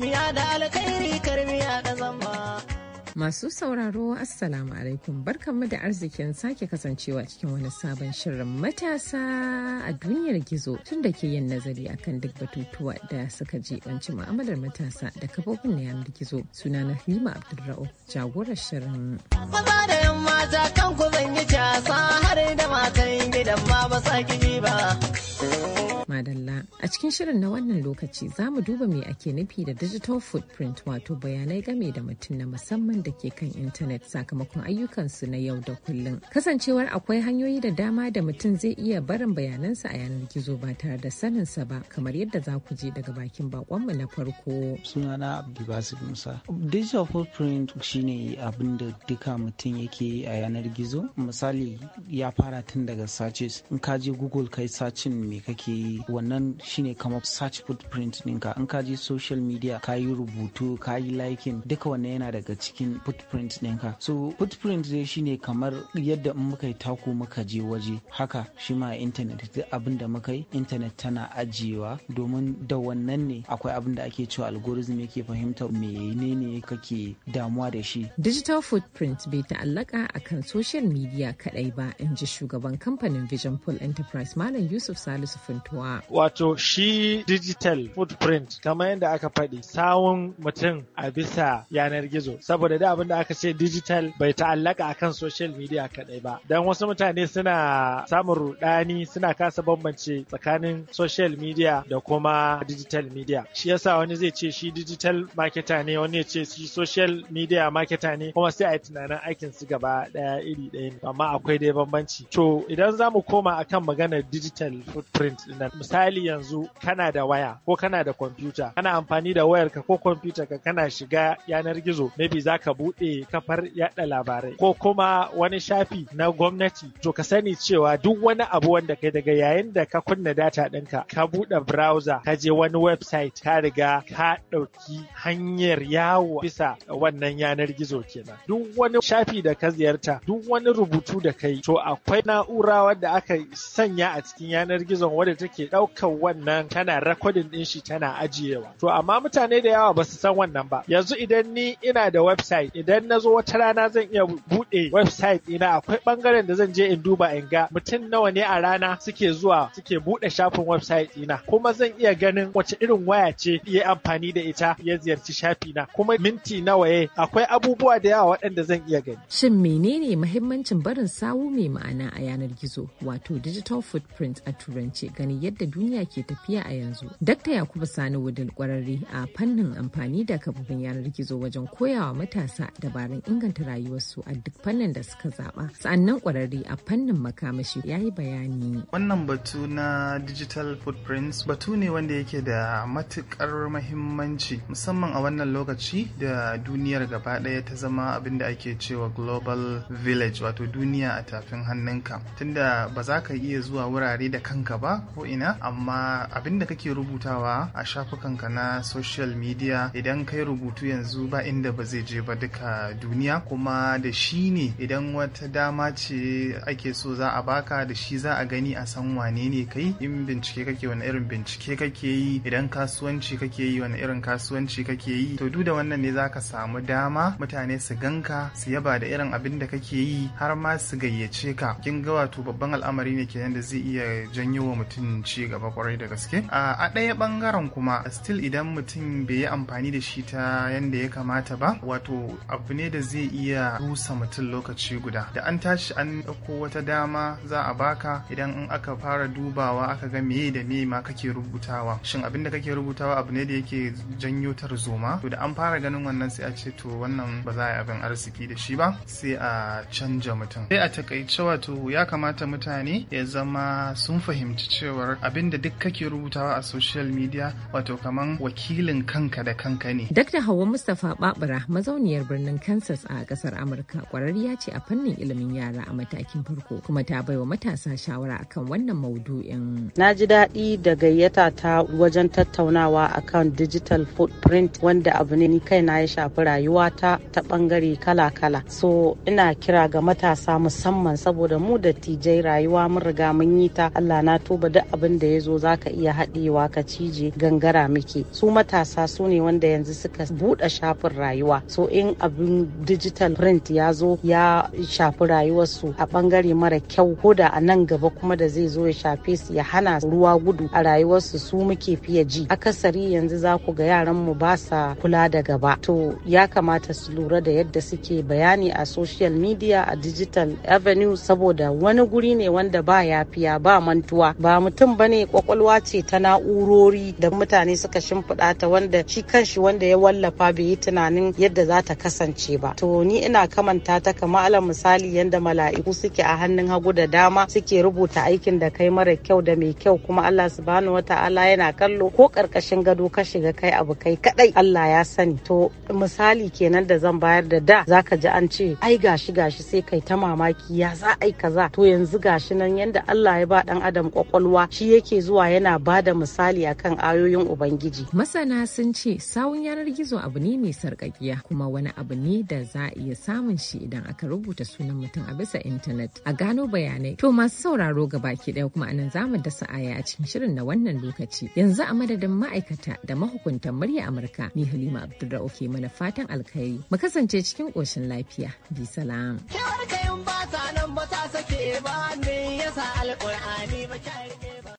miya da alkhairi da Masu sauraro Assalamu alaikum barkanmu da arzikin sake kasancewa cikin wani sabon shirin matasa a duniyar gizo tun da ke yin nazari akan duk batutuwa da suka jibanci mu'amalar matasa da kafofin na yanar gizo suna na Halima Abdulra'u jagorar shirin. Maza da yamma mata kan yi casa har da matan gidan ma ba sa ba. Madalla. A cikin shirin na wannan lokaci za mu duba me ake nufi da digital footprint wato bayanai game da mutum na musamman da ke kan intanet sakamakon ayyukansu na yau da kullum. Kasancewar akwai hanyoyi da dama da mutum zai iya barin bayanansa a yanar gizo ba tare da saninsa ba kamar yadda za ku je daga bakin bakonmu na farko. Sunana Abdulbasir Musa. Digital footprint shine abin da duka mutum yake a yanar gizo. Misali ya fara tun daga searches in ka je google kai sacin me kake yi wannan shine kamar search footprint ɗinka in ka je social media ka yi rubutu ka yi liking duka wannan yana daga cikin footprint ɗinka so footprint dai shine kamar yadda in muka yi taku muka je waje haka shi ma intanet duk abin da muka yi intanet tana ajiyewa domin da wannan ne akwai abin da ake cewa algorithm yake fahimta menene kake damuwa da shi digital footprint bai ta'allaka akan social media kadai ba in ji shugaban kamfanin vision pool enterprise malam yusuf salisu funtuwa Wato shi digital footprint kamar yadda aka faɗi sawun mutum a bisa yanar gizo saboda da abin da aka ce digital bai ta'allaka akan social media kaɗai ba. Dan wasu mutane suna samun rudani suna kasa bambance tsakanin social media da kuma digital media. Shi yasa wani zai ce shi digital marketer ne wani ya ce shi social media marketer ne kuma sai a yi tunanin aikin su gaba ɗaya iri ɗaya ne amma akwai dai bambanci. To idan za mu koma akan maganar digital footprint misali yanzu kana da waya ko kana da kwamfuta kana amfani da wayarka ko ka kana shiga yanar gizo maybe za ka buɗe kafar yada labarai ko kuma wani shafi na gwamnati to ka sani cewa duk wani abu wanda kai daga yayin da ka kunna data ɗinka ka buɗe browser ka je wani website ka riga ka ɗauki hanyar yawo bisa wannan yanar gizo kenan duk wani shafi da ka ziyarta duk wani rubutu da kai to akwai na'ura wadda aka sanya a cikin yanar gizon wadda take daukar wannan tana rekodin ɗin shi tana ajiyewa. To amma mutane da yawa ba su san wannan ba. Yanzu idan ni ina da website idan na zo wata rana zan iya buɗe website ina, akwai ɓangaren da zan je in duba in ga mutum nawa ne a rana suke zuwa suke buɗe shafin website ina, kuma zan iya ganin wace irin waya ce ya amfani da ita ya ziyarci shafi na kuma minti nawa ya akwai abubuwa da yawa waɗanda zan iya gani. Shin menene muhimmancin barin sawu mai ma'ana a yanar gizo wato digital footprint a turance gani yadda yadda duniya ke tafiya a yanzu. Dakta Yakubu Sani Wudil kwararre a fannin amfani da kafofin yanar gizo wajen koyawa matasa dabarun inganta rayuwarsu a duk fannin da suka zaba. Sa'annan kwararre a fannin makamashi ya yi bayani. Wannan batu na digital footprints batu ne wanda yake da matukar mahimmanci musamman a wannan lokaci da duniyar gaba ɗaya ta zama abin da ake cewa global village wato duniya a tafin hannunka tunda ba za ka iya zuwa wurare da kanka ba ko ina amma abinda kake rubutawa a shafukanka na social media idan kai rubutu yanzu ba inda ba zai je ba duka duniya kuma da shi ne idan wata dama ce ake so za a baka da shi za a gani a san wane ne kai in bincike kake wani irin bincike kake yi idan kasuwanci kake yi wani irin kasuwanci kake yi to duk da wannan ne zaka samu dama mutane su ganka su yaba da irin abin da kake yi har ma su gayyace ka kin ga wato babban al'amari ne kenan da zai iya janyo wa mutum ci gaba kwarai da gaske a ɗaya bangaren kuma still idan mutum bai yi amfani da shi ta yanda ya kamata ba wato abu ne da zai iya rusa mutum lokaci guda da an tashi an ɗauko wata dama za a baka idan in aka fara dubawa aka ga meye da me ma kake rubutawa shin abin da kake rubutawa abu ne da yake janyo tarzoma to da an fara ganin wannan sai a ce to wannan ba za a yi abin arziki da shi ba sai a canja mutum sai a takaice wato ya kamata mutane ya zama sun fahimci cewar abinda duk kake rubutawa a social media wato kaman wakilin kanka da kanka ne. Dr. Hauwa Mustapha Babura mazauniyar birnin Kansas a kasar Amurka kwararriya ce a fannin ilimin yara a matakin farko kuma ta baiwa matasa shawara akan wannan maudu'in. Na ji daɗi da gayyata ta wajen tattaunawa akan digital footprint wanda abu ne ni kaina ya shafi rayuwata ta bangare kala-kala. So ina kira ga matasa musamman saboda mu da tijai rayuwa mun riga mun yi ta Allah na tuba duk abin wanda ya zo za ka iya haɗewa ka cije gangara muke su matasa su ne wanda yanzu suka buɗe shafin rayuwa so in abin digital print ya zo ya shafi rayuwarsu a ɓangare mara kyau ko da a nan gaba kuma da zai zo ya shafe su ya hana ruwa gudu a rayuwarsu su muke fiye ji akasari yanzu za ku ga yaran mu ba sa kula da gaba to ya kamata su lura da yadda suke bayani a social media a digital avenue saboda wani guri ne wanda ba yafiya ba mantuwa ba mutum ba bane kwakwalwa ce ta na'urori da mutane suka shimfiɗa ta wanda shi kanshi wanda ya wallafa bai yi tunanin yadda za ta kasance ba to ni ina kamanta ta kama alal misali yadda mala'iku suke a hannun hagu da dama suke rubuta aikin da kai mara kyau da mai kyau kuma Allah su bani wata wata'ala yana kallo ko karkashin gado ka shiga kai abu kai kadai Allah ya sani to misali kenan da zan bayar da da zaka ji an ce ai gashi gashi sai kai ta mamaki ya za ai kaza to yanzu gashi nan yanda Allah ya ba dan adam kwakwalwa shi yake zuwa yana ba da misali akan ayoyin ubangiji masana sun ce sawun yanar gizo abu ne mai sarƙaƙiya kuma wani abu ne da za a iya samun shi idan aka rubuta sunan mutum a bisa intanet a gano bayanai to masu sauraro gabaki ɗaya kuma anan za mu dasa aya a cikin shirin na wannan lokaci yanzu a madadin ma'aikata da mahukuntan murya amurka ni halima abdulrauf ke mana fatan alkhairi mu kasance cikin ƙoshin lafiya bi salam. ba ta nan ba ta sake ba me yasa alƙur'ani ba